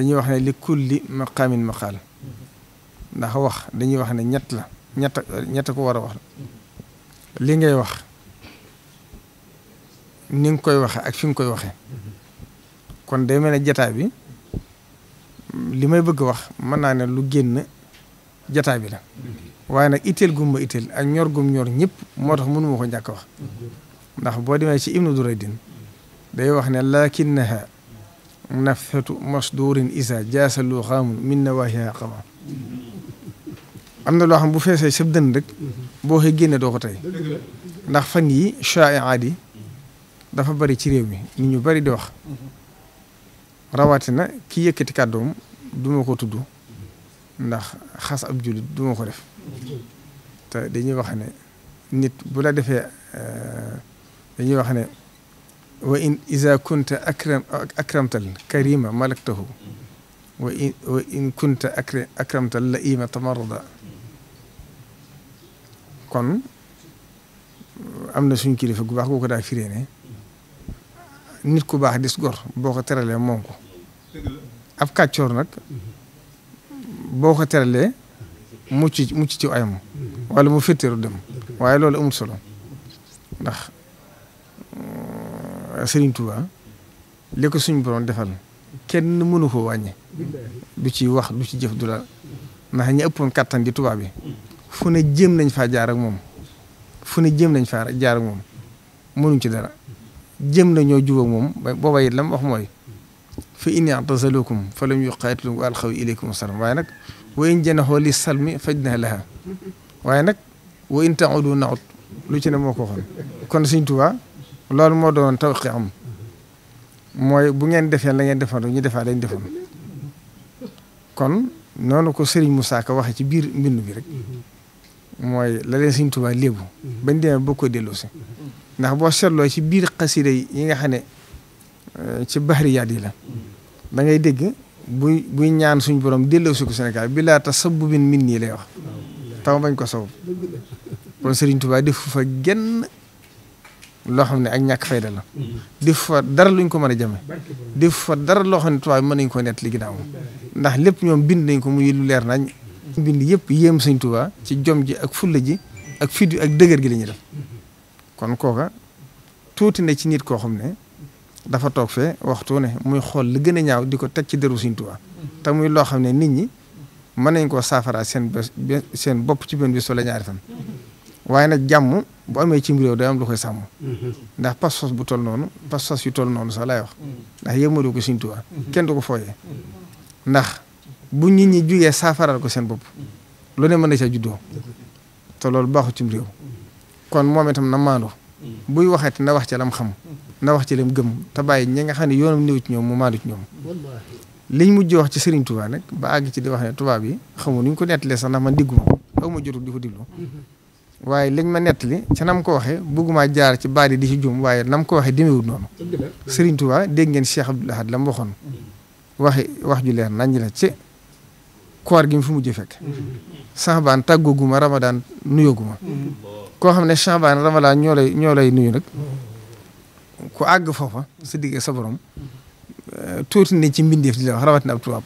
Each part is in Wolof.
dañuy wax ne li kulli maqaamin maqaal ndax wax dañuy wax ne ñett la ñett ñett ko war a wax li ngay wax ni koy waxe ak fi nga koy waxe kon day mel ne jataay bi li may bëgg wax mën naa ne lu génn jataay bi la waaye nag itteel gum ma itteel ak ñor gum ñor ñëpp moo tax mënuma ko ñàkk wax ndax boo demee ci ibnu duraydin day wax ne lakinnaha nafhatu masdurin isa jaasalu xaamun min nawaahiha xama am na loo xam bu feesee sëb rek boo xëy génne doo ko tey ndax fan yi chaiaat yi dafa bari ci réew mi nit ñu bari di wax rawatina ki yëkkati kàddoom duma ko tudd ndax xas ab jullit duma ko def te dañuy wax ne nit bu la defee dañuy wax ne wa in isa kunta akram akramtal karima malaktahu wa in in kunta akramtal la ima tamarada kon am na suñ kilifa gu baax goo ko daa firee ne nit ku baax dis gor boo ko teralee moom ko ab kàccoor nag boo ko teralee mucc mucc ci ayam wala mu féttéeru dem waaye loolu amul solo Serigne Touba li ko suñu borom defal kenn mënu ko wàññi. du ci wax du ci jëf du la ndax ñi ëppoon kattan di Touba bi fu ne jéem nañ faa jaar ak moom fu ne jéem nañ faa jaar moom mënuñ ci dara jéem nañoo jub ak moom booba it lam wax mooy. fa in i'tazalukum fa lam yuqaatilukum wa alxaw ilaykum salaam waaye nag wa in janaxoo li salmi fajnah laha nag wa in lu ci ne moo ko kon Sëriñ Tuubaa loolu moo doon tawqi am mooy bu ngeen defee la ngeen defoon ñu defaat dañ defoon kon noonu ko Serigne mu Ka waxee ci biir mbind bi rek mooy la leen Serigne Touba léebu bañ demee boo ko delloosi ndax boo seetloo ci biir xasida yi nga xam ne euh, ci bahriyaat yi la dangay ngay dégg buy buy ñaan suñ borom delloosi ko Sénégal bi laa tasabbubin min nii lay wax taw bañ ko saw kon Serigne Touba defu fa genn loo xam ne ak ñàkk fayda la mm-hmm. def fa dara ko mën a jame def dara loo xam ne tubaab mën nañ ko nett li ginnaaw ndax lépp ñoom bind nañ ko muy lu leer nañ bind yëpp yéem sëñ Tuubaa ci jom ji ak fulla ji ak fit ak dëgër gi la ñuy def mm-hmm. kon kooka tuuti na ci nit koo xam ne dafa toog fee waxtu ne muy xool li gën a ñaaw di ko teg ci dëru sëñ Tuubaa mm-hmm. te muy loo xam ne nit ñi mën nañ ko saafaraa seen seen bopp ci benn bi soo la ñaari fan waaye nag jàmm bu amee cim réew day am lu koy sàmm. Mhm. ndax pas-pas bu toll noonu pas-pas yu toll noonu sax laay wax. Mhm. ndax yëmmaloo ko Sëriñ Tuubaa mhm. kenn du ko fooyee. ndax bu nit ñi jugee saafaral ko seen bopp. lu ne mën na caa juddoo. te loolu baaxu cim réew. kon moom itam na maandu. buy waxati na wax ci lam xam. na wax ci lam gëm te bàyyi ñi nga xam ne yoonam néew ci ñoom mu maandu ci ñoom. liñ mujj wax ci Serigne Touba nag ba àgg ci di wax ne tubaab yi xamul nu ñu ko nettalee sax ndax man diggu ma ko aw ma jotul di ko diglu waaye liñ ma nettali ca nam ko waxee bëgguma jaar ci baat yi di ci jum waaye nam ko waxee demeewul noonu Serigne Touba dégg ngeen Cheikh Abdoul Ahad la mu wax ju leer nañ la ci koor gi mu fi mujj fekk Saxbaan tàggooguma Ramadan nuyooguma koo xam ne Saxbaan Ramadan ñoo lay ñoo nuyu nag ku àgg foofa sa digg sa borom eh, tuuti ci mbindeef di la wax rawatina ab tubaab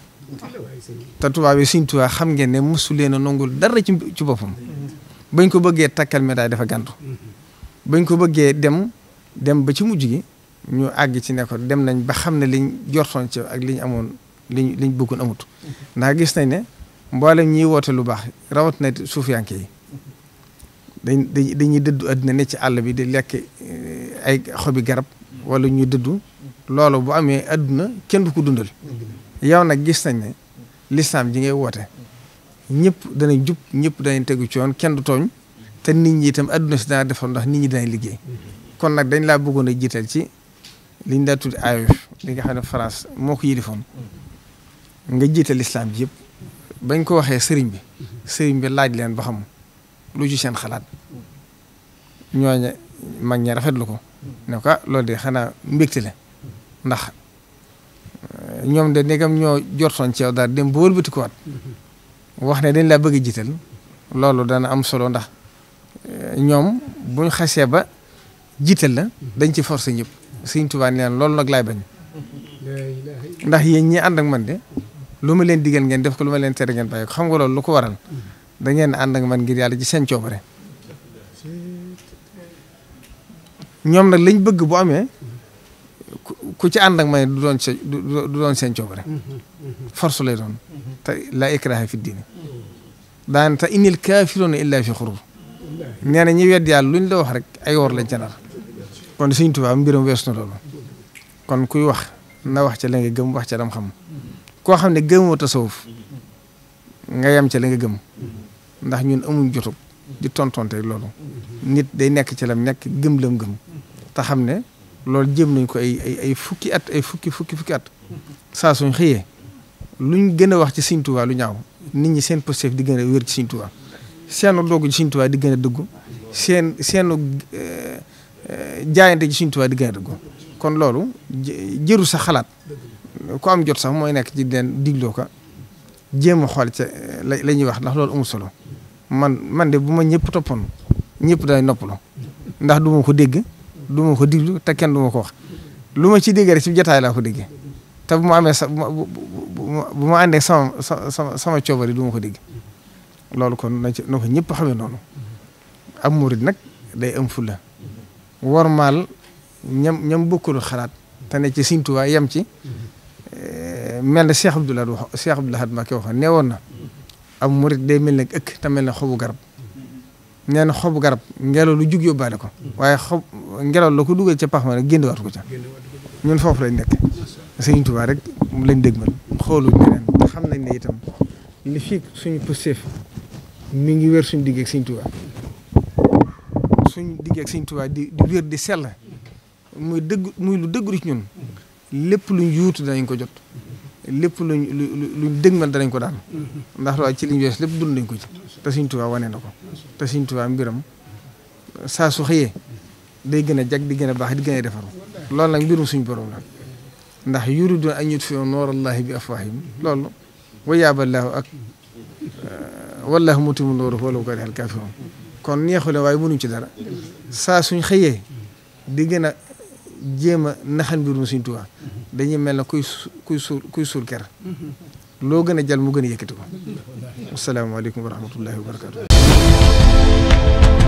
te tubaab yi Serigne Touba xam ngeen ne mosu leen a nongul dara ci ci bañ ko bëggee takkal médaille dafa gàntu bañ ko bëggee dem dem ba ci mujj gi ñu àgg ci ne dem nañ ba xam ne liñ jortoon ci ak liñ amoon liñ liñ bëggoon amut ndax gis nañ ne mboolem ñiy woote lu baax rawat na suufiyanke yi dañ dañuy dëddu àddina ne ci àll bi di lekk eh, ay xobi garab wala ñuy dëddu loolu bu amee àdduna kenn du ko dundal yow nag gis nañ ne lislaam ji ngay woote ñépp danañ jub ñëpp danañ tegu ci yoon kenn du tooñ te nit ñi itam adduna si dana defar ndax nit ñi danañ liggéey kon nag dañ laa bëggoon a jiital ci liñ daa tudd AOF li nga xam ne France moo ko yilifoon nga jiital islam bi yëpp bañ ko waxee sëriñ bi sëriñ bi laaj leen ba xam lu ci seen xalaat ñooñu mag rafet lu ko ne ah, loolu de xanaa mbégte la ndax eh, ñoom de ndegam ñoo jortoon ci yow daal dem ba wëlbatikuwaat wax ne dañ laa bëgg a jiital loolu dana am solo ndax eh, ñoom buñ xasee ba jiital la dañ ci forcé ñëpp Sëriñ Tuubaa nee loolu nag laay bañ ndax yéen ñi ànd ak man de lu ma leen digal ngeen def ko lu ma leen tere ngeen bàyyi ko xam nga loolu lu ko waral da ngeen ànd ak man ngir yàlla ci seen coobare ñoom nag lañ bëgg bu amee. ku ci ànd ak may du doon sa du doon seen coobare mm-hmm, mm-hmm. force lay doon mm-hmm. te laa ikraha fi diini daan te innil kaafiruuna illaa fi xurur nee na ñi wedd yàlla luñ la wax rek ay wor lañ ca nar kon Sëriñ Tuubaa mbiram wees na loolu kon kuy wax na wax ca la nga gëm wax ca dam xam koo xam ne gëmoo tasawuf nga yem ca la nga gëm ndax ñun amuñ jotug di tontonte loolu nit day nekk ci lam nekk gëm lam gëm te xam ne loolu jëm nañ ko ay ay ay fukki at ay fukki fukki fukki at saa suñ xëyee luñ gën a wax ci Sëñ Tuubaa lu ñaaw nit ñi seen positif di gën a wér ci Sëñ Tuubaa seenu dogg ci Sëñ Tuubaa di gën a dëggu seen seenu eh, jaayante ci Sëñ Tuubaa di gën a dëggu kon loolu jëru sa xalaat ku am jot sax mooy nekk ci den digloo ka jéem a xool ca eh, la ñuy wax ndax loolu amul solo man man de bu ma ñëpp toppoon ñëpp day noppalu ndax du ma ko dégg du ma ko diglu te kenn du ko wax lu ma ci déggee ci jotaay laa ko digg te bu mu amee sa bu ma àndee sama sama sama coobari du ma ko digg loolu kon na ci ko ñëpp xamee noonu am murid nag day am fulla wormaal ñam ñam bokkul xalaat te ne ci Sëriñ Tuubaa ci eh, mel na Cheikh Abdoul Ahad wax Cheikh Abdoul Ahad Mbacké waxoon woon na am murid day mel ne ëkk te mel ne xobu garab nee xobu garab ngelaw lu jug yóbbaale ko waaye xob ngelaw la ko duggee ca pax ma rek génn waat ko ca ñun foofu lañ nekk Sëriñ Tuubaa rek lañ dégmal xoolu ñeneen te xam nañ ne itam li fi suñu pësteef mu ngi wér suñu digg ak Sëriñ Tuubaa suñu digg ak Sëriñ di di di sell muy dëgg muy lu dëggru ci ñun lépp luñ yuutu danañ ko jot lépp luñ lu luñ dëgmal danañ ko daal ndax lu ci liñ wees lépp dund nañ ko ci te Sëriñ Tuubaa wane na ko te Sëriñ Tuubaa mbiram saa su xëyee day gën a jag di gën a baax di gën a defaru loolu nag mbirum suñu borom la ndax yuridun an yutfiu noorallahi bi afwahim loolu wa yaaballaahu ak uh, wallaahu mutimmu nooruhu walaw kariha alkaafiruun kon neexule waaye mënuñ ci dara saa suñ xëyee di gën a jéem a naxal mbirum suñ Tuubaa dañuy mel na kuy kuy suur kuy suur ker loo gën a jal mu gën a yëkkati ko asalaamaaleykum wa rahmatullahi wa